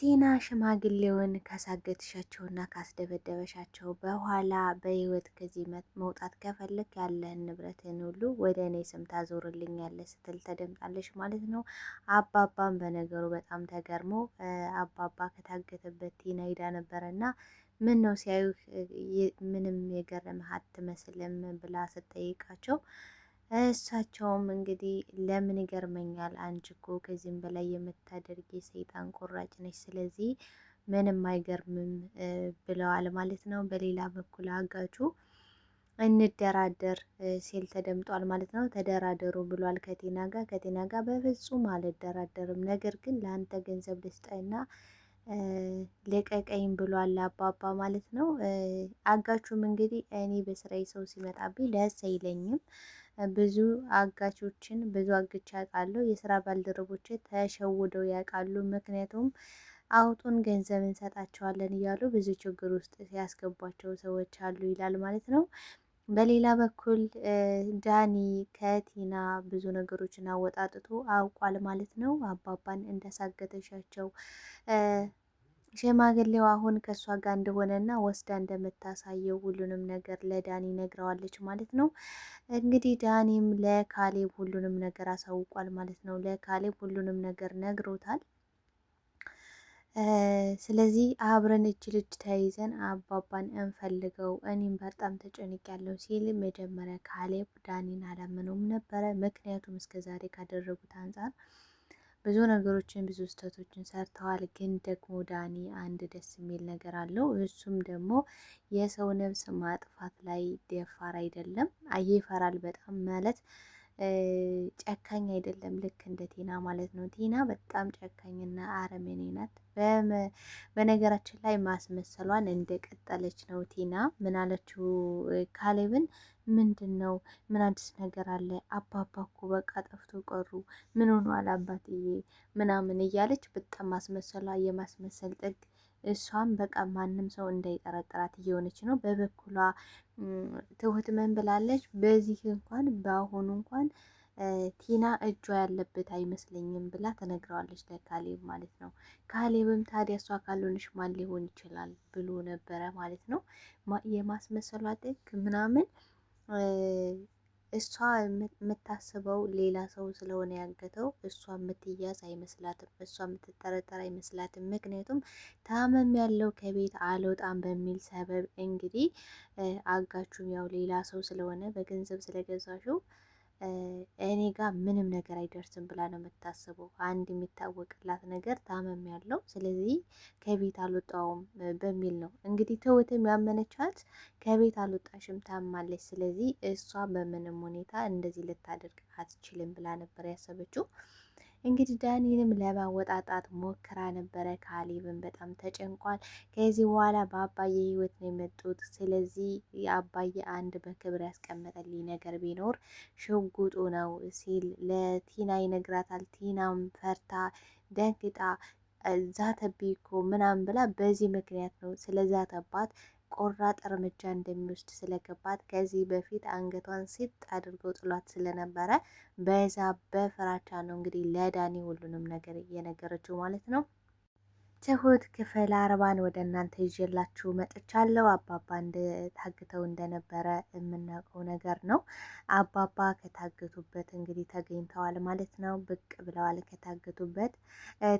ቲና ሽማግሌውን ካሳገትሻቸውና ካስደበደበሻቸው በኋላ በህይወት ከዚህ መውጣት ከፈለግ ያለህን ንብረትን ሁሉ ወደ እኔ ስም ያለ ስትል ተደምጣለች ማለት ነው። አባባም በነገሩ በጣም ተገርሞ አባባ ከታገተበት ቲና ሂዳ ነበረና ምን ነው ሲያዩ ምንም የገረመህ አትመስልም ብላ ስትጠይቃቸው እሳቸውም እንግዲህ ለምን ይገርመኛል፣ አንቺ እኮ ከዚህም በላይ የምታደርጊ ሰይጣን ቆራጭ ነች፣ ስለዚህ ምንም አይገርምም ብለዋል ማለት ነው። በሌላ በኩል አጋቹ እንደራደር ሲል ተደምጧል ማለት ነው። ተደራደሩ ብሏል ከቴና ጋር። ከቴና ጋር በፍጹም አልደራደርም፣ ነገር ግን ለአንተ ገንዘብ ልስጠና ልቀቀኝ ብሏል አባባ ማለት ነው። አጋቹም እንግዲህ እኔ በስራዬ ሰው ሲመጣብኝ ደስ አይለኝም። ብዙ አጋቾችን ብዙ አግቻ ያውቃለሁ። የስራ ባልደረቦች ተሸውደው ያውቃሉ። ምክንያቱም አውጡን ገንዘብ እንሰጣቸዋለን እያሉ ብዙ ችግር ውስጥ ሲያስገቧቸው ሰዎች አሉ ይላል ማለት ነው። በሌላ በኩል ዳኒ ከቲና ብዙ ነገሮችን አወጣጥቶ አውቋል ማለት ነው። አባባን እንዳሳገተሻቸው ሽማግሌው አሁን ከእሷ ጋር እንደሆነና ወስዳ እንደምታሳየው ሁሉንም ነገር ለዳኒ ነግረዋለች ማለት ነው። እንግዲህ ዳኒም ለካሌብ ሁሉንም ነገር አሳውቋል ማለት ነው። ለካሌብ ሁሉንም ነገር ነግሮታል። ስለዚህ አብረን እጅ ልጅ ተያይዘን አባባን እንፈልገው፣ እኔም በጣም ያለው ሲል መጀመሪያ ካሌብ ዳኒን አላመነውም ነበረ። ምክንያቱም እስከዛሬ ካደረጉት አንጻር ብዙ ነገሮችን ብዙ ስህተቶችን ሰርተዋል። ግን ደግሞ ዳኒ አንድ ደስ የሚል ነገር አለው። እሱም ደግሞ የሰው ነብስ ማጥፋት ላይ ደፋር አይደለም። አየ ይፈራል በጣም ማለት ጨካኝ አይደለም፣ ልክ እንደ ቲና ማለት ነው። ቲና በጣም ጨካኝና አረመኔ ናት። በነገራችን ላይ ማስመሰሏን እንደቀጠለች ነው። ቲና ምን አለችው ካሌብን? ምንድን ነው ምን አዲስ ነገር አለ? አባባ እኮ በቃ ጠፍቶ ቀሩ፣ ምን ሆኗል አባትዬ ምናምን እያለች በጣም ማስመሰሏ የማስመሰል ጥግ እሷም በቃ ማንም ሰው እንዳይጠረጥራት እየሆነች ነው። በበኩሏ ትሁት ምን ብላለች? በዚህ እንኳን በአሁኑ እንኳን ቲና እጇ ያለበት አይመስለኝም ብላ ተነግረዋለች ለካሌብ ማለት ነው። ካሌብም ታዲያ እሷ ካልሆነች ማን ሊሆን ይችላል ብሎ ነበረ ማለት ነው። የማስመሰሏ ጥግ ምናምን እሷ የምታስበው ሌላ ሰው ስለሆነ ያገተው እሷ የምትያዝ አይመስላትም። እሷ የምትጠረጠር አይመስላትም። ምክንያቱም ታመም ያለው ከቤት አልወጣም በሚል ሰበብ እንግዲህ አጋቹም ያው ሌላ ሰው ስለሆነ በገንዘብ ስለገዛሹ እኔ ጋር ምንም ነገር አይደርስም ብላ ነው የምታስበው። አንድ የሚታወቅላት ነገር ታመም ያለው ስለዚህ ከቤት አልወጣውም በሚል ነው እንግዲህ ትሁትም ያመነቻት ከቤት አልወጣሽም ታማለች፣ ስለዚህ እሷ በምንም ሁኔታ እንደዚህ ልታደርግ አትችልም ብላ ነበር ያሰበችው። እንግዲህ ዳኒንም ለማወጣጣት ሞክራ ነበረ። ካሌብን በጣም ተጨንቋል። ከዚህ በኋላ በአባዬ ህይወት ነው የመጡት። ስለዚህ የአባዬ አንድ በክብር ያስቀመጠልኝ ነገር ቢኖር ሽጉጡ ነው ሲል ለቲና ይነግራታል። ቲናም ፈርታ ደንግጣ ዛተብኝ ምናምን ብላ በዚህ ምክንያት ነው ስለዛተባት ቆራጥ እርምጃ እንደሚወስድ ስለገባት ከዚህ በፊት አንገቷን ሲጥ አድርገው ጥሏት ስለነበረ በዛ በፍራቻ ነው እንግዲህ ለዳኒ ሁሉንም ነገር እየነገረችው ማለት ነው። ትሁት ክፍል አርባን ወደ እናንተ ይዤላችሁ መጥቻለሁ። አባባ ታግተው እንደነበረ የምናውቀው ነገር ነው። አባባ ከታገቱበት እንግዲህ ተገኝተዋል ማለት ነው። ብቅ ብለዋል ከታገቱበት።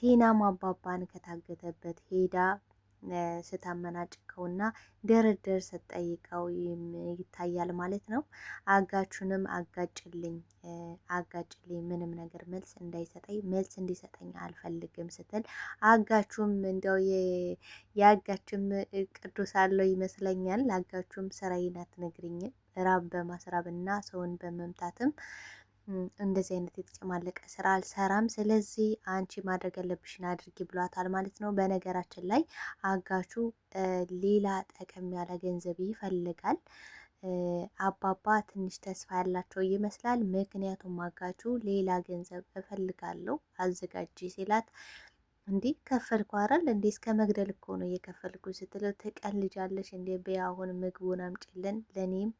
ቲናም አባባን ከታገተበት ሄዳ ስታመናጭቀውና ድርድር ስትጠይቀው ይታያል ማለት ነው። አጋቹንም አጋጭልኝ አጋጭልኝ ምንም ነገር መልስ እንዳይሰጠኝ መልስ እንዲሰጠኝ አልፈልግም ስትል አጋቹም እንደው የአጋችም ቅዱስ አለው ይመስለኛል። አጋቹም ስራዬን አትነግሪኝም ራብ በማስራብ እና ሰውን በመምታትም እንደዚህ አይነት የተጨማለቀ ስራ አልሰራም፣ ስለዚህ አንቺ ማድረግ ያለብሽን አድርጊ ብሏታል ማለት ነው። በነገራችን ላይ አጋቹ ሌላ ጠቀም ያለ ገንዘብ ይፈልጋል። አባባ ትንሽ ተስፋ ያላቸው ይመስላል። ምክንያቱም አጋቹ ሌላ ገንዘብ እፈልጋለሁ አዘጋጅ ሲላት እንዲህ ከፈልኩ አይደል እንዴ እስከ መግደል እኮ ነው እየከፈልኩ ስትለው ትቀልጃለሽ እንዴ በይ አሁን ምግቡን አምጭልን ለእኔም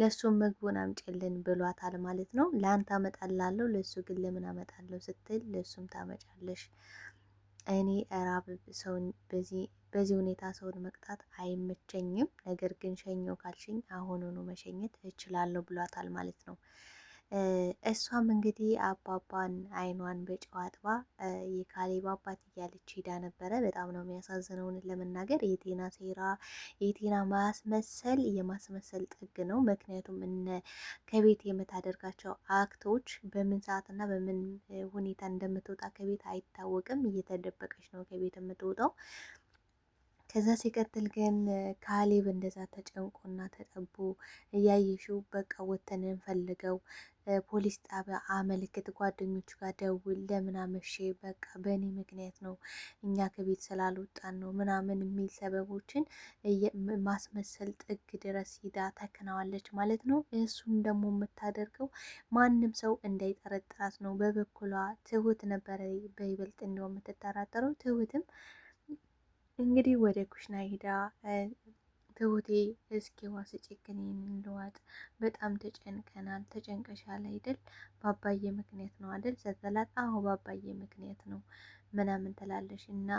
ለእሱም ምግቡን አምጭልን ብሏታል ማለት ነው ለአንተ አመጣላለሁ ለእሱ ግን ለምን አመጣለሁ ስትል ለእሱም ታመጫለሽ እኔ እራብ ሰውን በዚህ በዚህ ሁኔታ ሰውን መቅጣት አይመቸኝም ነገር ግን ሸኘው ካልሽኝ አሁኑኑ መሸኘት እችላለሁ ብሏታል ማለት ነው እሷም እንግዲህ አባባን አይኗን በጨው አጥባ የካሌብ አባት እያለች ሄዳ ነበረ። በጣም ነው የሚያሳዝነውን ለመናገር የቴና ሴራ የቴና ማስመሰል የማስመሰል ጥግ ነው። ምክንያቱም እነ ከቤት የምታደርጋቸው አክቶች በምን ሰዓትና በምን ሁኔታ እንደምትወጣ ከቤት አይታወቅም። እየተደበቀች ነው ከቤት የምትወጣው። ከዛ ሲቀጥል ግን ካሌብ እንደዛ ተጨንቆና ተጠቦ እያየሽው በቃ ወተን እንፈልገው ፖሊስ ጣቢያ አመልክት፣ ጓደኞቹ ጋር ደውል፣ ለምን አመሼ፣ በቃ በእኔ ምክንያት ነው፣ እኛ ከቤት ስላልወጣን ነው ምናምን የሚል ሰበቦችን ማስመሰል ጥግ ድረስ ሂዳ ተክናዋለች ማለት ነው። እሱም ደግሞ የምታደርገው ማንም ሰው እንዳይጠረጥራት ነው። በበኩሏ ትሁት ነበረ በይበልጥ እንደው የምትጠራጠረው ትሁትም እንግዲህ ወደ ኩሽና ሂዳ ትሁቴ እስኪ ዋስ የምንለዋጥ በጣም ተጨንቀናል። ተጨንቀሻል አይደል? ባባዬ ምክንያት ነው አይደል? ስትላት አሁ ባባዬ ምክንያት ነው ምናምን ትላለሽ እና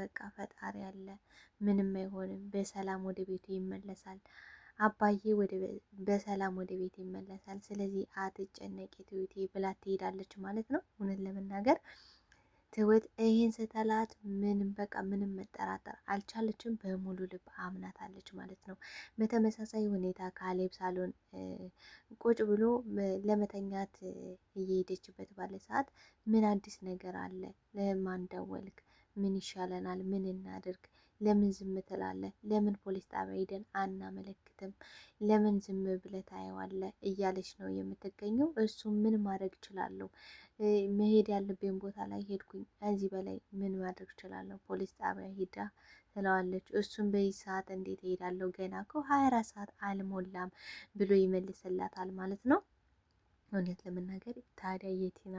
በቃ ፈጣሪ አለ፣ ምንም አይሆንም፣ በሰላም ወደ ቤቱ ይመለሳል። አባዬ በሰላም ወደ ቤት ይመለሳል። ስለዚህ አትጨነቂ ትሁቴ ብላ ትሄዳለች ማለት ነው እውነት ለመናገር ትሁት ይህን ስትላት ምንም በቃ ምንም መጠራጠር አልቻለችም። በሙሉ ልብ አምናታለች ማለት ነው። በተመሳሳይ ሁኔታ ካሌብ ሳሎን ቁጭ ብሎ ለመተኛት እየሄደችበት ባለ ሰዓት ምን አዲስ ነገር አለ? ለማን ደወልክ? ምን ይሻለናል? ምን እናድርግ? ለምን ዝም ትላለህ? ለምን ፖሊስ ጣቢያ ሄደን አናመለክትም? ለምን ዝም ብለህ ታየዋለህ? እያለች ነው የምትገኘው። እሱ ምን ማድረግ እችላለሁ? መሄድ ያለብኝ ቦታ ላይ ሄድኩኝ። ከዚህ በላይ ምን ማድረግ እችላለሁ? ፖሊስ ጣቢያ ሄዳ ትለዋለች። እሱም በዚህ ሰዓት እንዴት እሄዳለሁ? ገና እኮ ሀያ አራት ሰዓት አልሞላም ብሎ ይመልስላታል ማለት ነው። እውነት ለመናገር ታዲያ የቲና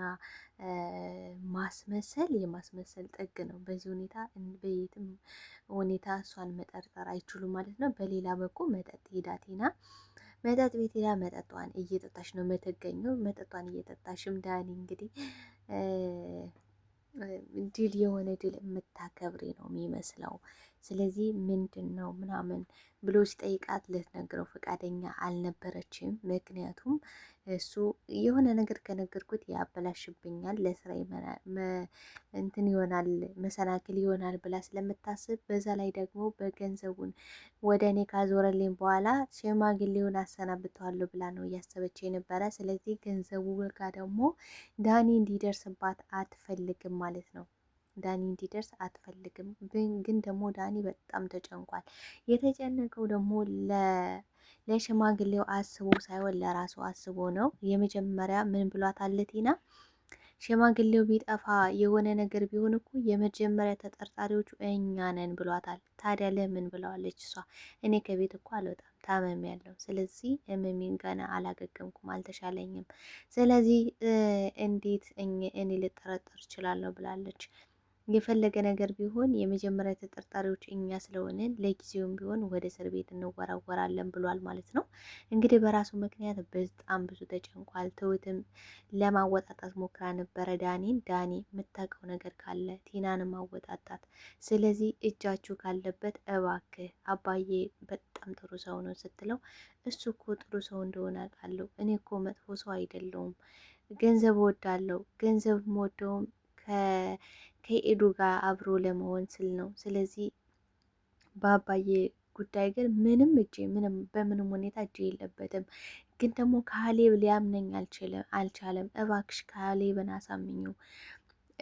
ማስመሰል የማስመሰል ጥግ ነው። በዚህ ሁኔታ በየትም ሁኔታ እሷን መጠርጠር አይችሉም ማለት ነው። በሌላ በኩል መጠጥ ሄዳ ቲና መጠጥ ቤት ሄዳ መጠጧን እየጠጣች ነው የምትገኘው። መጠጧን እየጠጣሽም ዳኒ እንግዲህ ድል የሆነ ድል የምታከብሬ ነው የሚመስለው ስለዚህ ምንድን ነው ምናምን ብሎ ሲጠይቃት ልትነግረው ፈቃደኛ አልነበረችም። ምክንያቱም እሱ የሆነ ነገር ከነገርኩት ያበላሽብኛል፣ ለስራ እንትን ይሆናል፣ መሰናክል ይሆናል ብላ ስለምታስብ በዛ ላይ ደግሞ በገንዘቡን ወደ እኔ ካዞረልኝ በኋላ ሽማግሌውን አሰናብተዋለሁ ብላ ነው እያሰበች የነበረ። ስለዚህ ገንዘቡ ጋ ደግሞ ዳኒ እንዲደርስባት አትፈልግም ማለት ነው። ዳኒ እንዲደርስ አትፈልግም። ግን ደግሞ ዳኒ በጣም ተጨንቋል። የተጨነቀው ደግሞ ለሽማግሌው አስቦ ሳይሆን ለራሱ አስቦ ነው። የመጀመሪያ ምን ብሏታል ቲና? ሽማግሌው ቢጠፋ የሆነ ነገር ቢሆን እኮ የመጀመሪያ ተጠርጣሪዎቹ እኛ ነን ብሏታል። ታዲያ ለምን ብለዋለች እሷ? እኔ ከቤት እኮ አልወጣም ታመም ያለው ስለዚህ እምሜን ገና አላገገምኩም አልተሻለኝም። ስለዚህ እንዴት እኔ ልጠረጠር እችላለሁ ብላለች። የፈለገ ነገር ቢሆን የመጀመሪያ ተጠርጣሪዎች እኛ ስለሆንን ለጊዜውም ቢሆን ወደ እስር ቤት እንወራወራለን ብሏል ማለት ነው። እንግዲህ በራሱ ምክንያት በጣም ብዙ ተጨንቋል። ትሁትም ለማወጣጣት ሞክራ ነበረ ዳኒን። ዳኒ የምታውቀው ነገር ካለ ቲናን ማወጣጣት። ስለዚህ እጃችሁ ካለበት እባክህ አባዬ በጣም ጥሩ ሰው ነው ስትለው እሱ እኮ ጥሩ ሰው እንደሆነ አውቃለሁ። እኔ እኮ መጥፎ ሰው አይደለውም። ገንዘብ ወዳለው ገንዘብ ወደውም ከኤዱ ጋር አብሮ ለመሆን ስል ነው። ስለዚህ በአባዬ ጉዳይ ግን ምንም እጄ ምንም በምንም ሁኔታ እጄ የለበትም። ግን ደግሞ ካሌብ ሊያምነኝ አልቻለም። እባክሽ ካሌብን አሳምኘው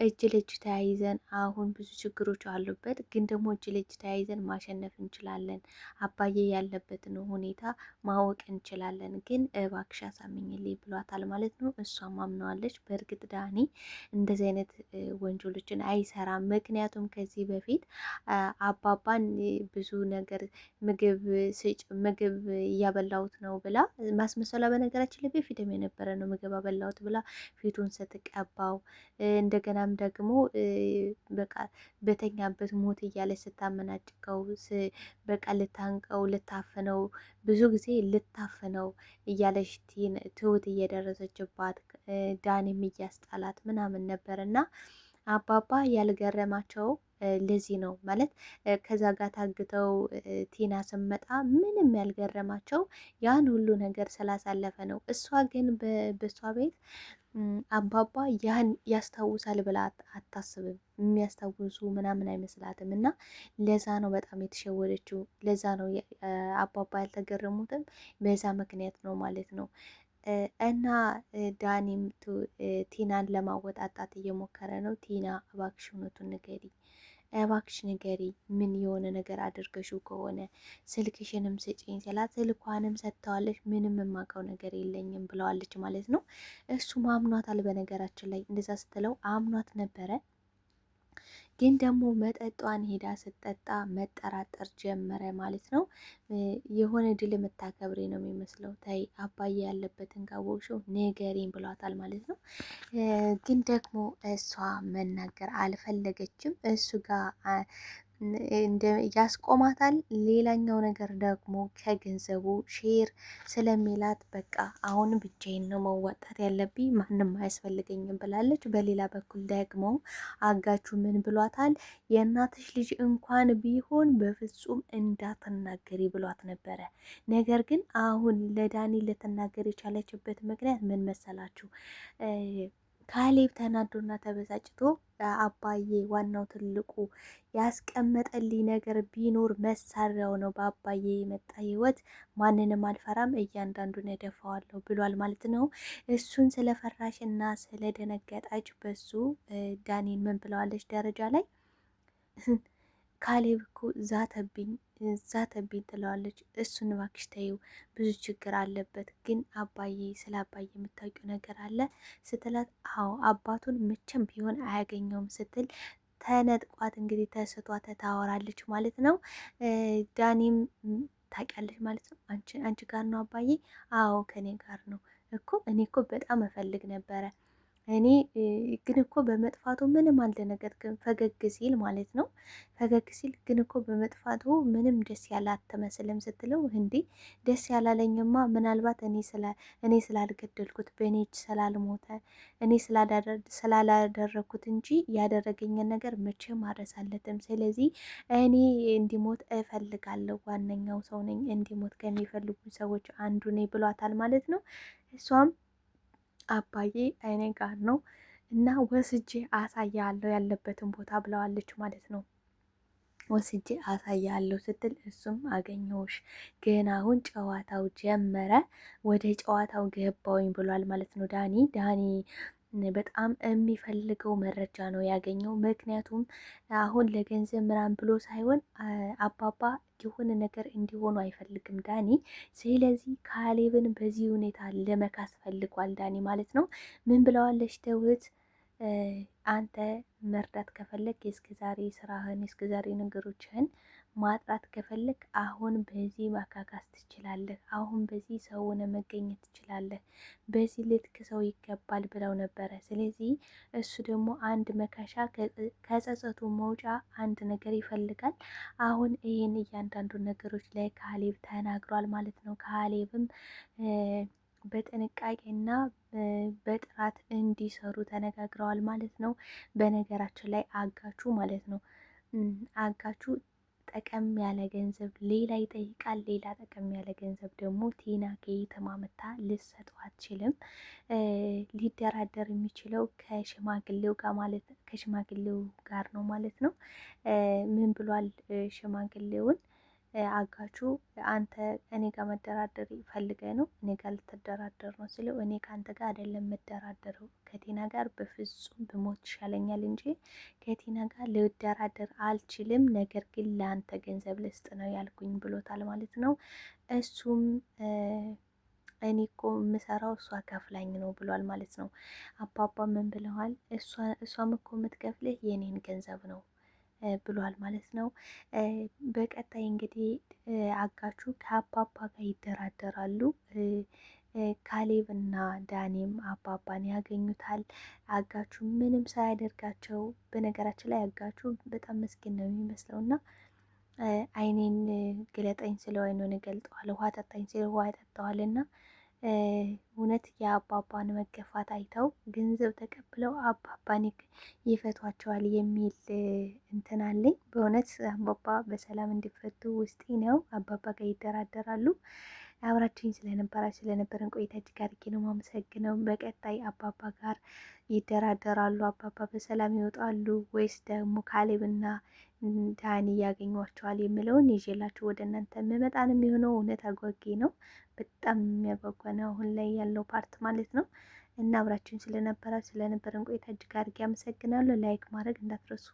እጅ ለእጅ ተያይዘን አሁን ብዙ ችግሮች አሉበት፣ ግን ደግሞ እጅ ለእጅ ተያይዘን ማሸነፍ እንችላለን። አባዬ ያለበትን ሁኔታ ማወቅ እንችላለን። ግን እባክሽ አሳምኝልኝ ብሏታል ማለት ነው። እሷም አምነዋለች። በእርግጥ ዳኒ እንደዚህ አይነት ወንጀሎችን አይሰራም። ምክንያቱም ከዚህ በፊት አባባን ብዙ ነገር ምግብ ስጭ፣ ምግብ እያበላሁት ነው ብላ ማስመሰሏ፣ በነገራችን ላይ በፊትም የነበረ ነው። ምግብ አበላሁት ብላ ፊቱን ስትቀባው እንደገና እሷም ደግሞ በቃ በተኛበት ሞት እያለች ስታመናጭቀው በቃ ልታንቀው ልታፍነው ብዙ ጊዜ ልታፍነው እያለች ትሁት እየደረሰችባት ዳኔም እያስጣላት ምናምን ነበር እና አባባ ያልገረማቸው ለዚህ ነው ማለት ከዛ ጋር ታግተው ቲና ስመጣ ምንም ያልገረማቸው ያን ሁሉ ነገር ስላሳለፈ ነው። እሷ ግን በእሷ ቤት አባባ ያን ያስታውሳል ብላ አታስብም። የሚያስታውሱ ምናምን አይመስላትም። እና ለዛ ነው በጣም የተሸወደችው። ለዛ ነው አባባ ያልተገረሙትም በዛ ምክንያት ነው ማለት ነው። እና ዳኒም ቲናን ለማወጣጣት እየሞከረ ነው። ቲና እባክሽ እውነቱን ንገሪ፣ እባክሽ ንገሪ፣ ምን የሆነ ነገር አድርገሹ ከሆነ ስልክሽንም ስጪኝ ስላት ስልኳንም ሰጥተዋለች። ምንም የማውቀው ነገር የለኝም ብለዋለች ማለት ነው። እሱም አምኗታል። በነገራችን ላይ እንደዛ ስትለው አምኗት ነበረ ግን ደግሞ መጠጧን ሄዳ ስትጠጣ መጠራጠር ጀመረ ማለት ነው። የሆነ ድል የምታከብሬ ነው የሚመስለው። ታይ አባዬ ያለበትን ካወቅሽው ንገሪኝ ብሏታል ማለት ነው። ግን ደግሞ እሷ መናገር አልፈለገችም እሱ ጋር ያስቆማታል። ሌላኛው ነገር ደግሞ ከገንዘቡ ሼር ስለሚላት በቃ አሁን ብቻዬን ነው መዋጣት ያለብኝ ማንም አያስፈልገኝም ብላለች። በሌላ በኩል ደግሞ አጋቹ ምን ብሏታል? የእናትሽ ልጅ እንኳን ቢሆን በፍጹም እንዳትናገሪ ብሏት ነበረ። ነገር ግን አሁን ለዳኒ ልትናገር የቻለችበት ምክንያት ምን መሰላችሁ? ካሌብ ተናዶና ተበሳጭቶ አባዬ ዋናው ትልቁ ያስቀመጠልኝ ነገር ቢኖር መሳሪያው ነው። በአባዬ የመጣ ህይወት ማንንም አልፈራም፣ እያንዳንዱን እደፋዋለሁ ብሏል ማለት ነው። እሱን ስለፈራሽ እና ስለደነገጣች በሱ ዳኒን ምን ብለዋለች ደረጃ ላይ ካሌብ እኮ ዛተብኝ ዛተብኝ ትለዋለች። እሱን እባክሽ ተይው፣ ብዙ ችግር አለበት። ግን አባዬ ስለ አባዬ የምታውቂው ነገር አለ ስትላት፣ አዎ አባቱን መቼም ቢሆን አያገኘውም ስትል ተነጥቋት እንግዲህ ተስቷ ተታወራለች ማለት ነው። ዳኒም ታውቂያለች ማለት ነው። አንቺ ጋር ነው አባዬ? አዎ ከኔ ጋር ነው እኮ እኔ እኮ በጣም እፈልግ ነበረ እኔ ግን እኮ በመጥፋቱ ምንም አልደነገጥክም፣ ፈገግ ሲል ማለት ነው። ፈገግ ሲል ግን እኮ በመጥፋቱ ምንም ደስ ያለ አትመስልም ስትለው፣ እንዴ ደስ ያላለኝማ ምናልባት እኔ ስላልገደልኩት በእኔ እጅ ስላልሞተ እኔ ስላላደረግኩት እንጂ ያደረገኝን ነገር መቼም አረሳለትም። ስለዚህ እኔ እንዲሞት እፈልጋለሁ፣ ዋነኛው ሰው ነኝ፣ እንዲሞት ከሚፈልጉ ሰዎች አንዱ ነኝ ብሏታል ማለት ነው እሷም አባዬ አይኔ ጋር ነው እና ወስጄ አሳያለሁ ያለበትን ቦታ ብለዋለች ማለት ነው። ወስጄ አሳያለሁ ስትል እሱም አገኘሁሽ ግን አሁን ጨዋታው ጀመረ፣ ወደ ጨዋታው ገባውኝ ብሏል ማለት ነው ዳኒ ዳኒ በጣም የሚፈልገው መረጃ ነው ያገኘው። ምክንያቱም አሁን ለገንዘብ ምናምን ብሎ ሳይሆን አባባ የሆነ ነገር እንዲሆኑ አይፈልግም ዳኒ። ስለዚህ ካሌብን በዚህ ሁኔታ ለመካስ ፈልጓል ዳኒ ማለት ነው። ምን ብለዋለች ትሁት አንተ መርዳት ከፈለግ የእስከ ዛሬ ስራህን የእስከ ዛሬ ነገሮችህን ማጥራት ከፈለግ አሁን በዚህ ማካካስ ትችላለህ። አሁን በዚህ ሰው ሆነ መገኘት ትችላለህ። በዚህ ልትክ ሰው ይገባል ብለው ነበረ። ስለዚህ እሱ ደግሞ አንድ መካሻ ከጸጸቱ መውጫ አንድ ነገር ይፈልጋል። አሁን ይህን እያንዳንዱ ነገሮች ላይ ካሌብ ተናግሯል ማለት ነው። ካሌብም በጥንቃቄና በጥራት እንዲሰሩ ተነጋግረዋል ማለት ነው። በነገራችን ላይ አጋቹ ማለት ነው አጋቹ ጠቀም ያለ ገንዘብ ሌላ ይጠይቃል። ሌላ ጠቀም ያለ ገንዘብ ደግሞ ቲና ከየት ማመጣ ልትሰጠው አትችልም። ሊደራደር የሚችለው ከሽማግሌው ጋር ማለት ከሽማግሌው ጋር ነው ማለት ነው። ምን ብሏል ሽማግሌውን አጋቹ አንተ እኔ ጋር መደራደር ፈልገ ነው እኔ ጋር ልትደራደር ነው ስለው እኔ ከአንተ ጋር አይደለም የምደራደረው ከቲና ጋር በፍጹም ብሞት ይሻለኛል እንጂ ከቲና ጋር ልደራደር አልችልም። ነገር ግን ለአንተ ገንዘብ ልስጥ ነው ያልኩኝ ብሎታል ማለት ነው። እሱም እኔ እኮ የምሰራው እሷ ከፍላኝ ነው ብሏል ማለት ነው። አባባ ምን ብለዋል? እሷም እኮ የምትከፍልህ የኔን ገንዘብ ነው ብሏል ማለት ነው። በቀጣይ እንግዲህ አጋቹ ከአባባ ጋር ይደራደራሉ። ካሌብ እና ዳኔም አባባን ያገኙታል። አጋቹ ምንም ሳያደርጋቸው፣ በነገራችን ላይ አጋቹ በጣም መስኪን ነው የሚመስለው እና አይኔን ግለጠኝ ስለው ዓይኑን እገልጠዋለሁ፣ ውሃ ጠጣኝ ስለው ውሃ ያጠጣዋል እና እውነት የአባባን መገፋት አይተው ገንዘብ ተቀብለው አባባን ይፈቷቸዋል የሚል እንትን አለኝ። በእውነት አባባ በሰላም እንዲፈቱ ውስጤ ነው። አባባ ጋር ይደራደራሉ። አብራችሁኝ ስለነበራችሁ ስለነበረን ቆይታ እጅግ አድርጌ ነው ማመሰግነው። በቀጣይ አባባ ጋር ይደራደራሉ። አባባ በሰላም ይወጣሉ ወይስ ደግሞ ካሌብና ዳኒ ያገኟቸዋል የሚለውን ይዤላችሁ ወደ እናንተ የምመጣን የሚሆነው እውነት አጓጊ ነው። በጣም የሚያጓጓ ነው አሁን ላይ ያለው ፓርት ማለት ነው። እና አብራችሁን ስለነበራችሁ ስለነበረን ቆይታ እጅግ አድርጌ አመሰግናለሁ። ላይክ ማድረግ እንዳትረሱ።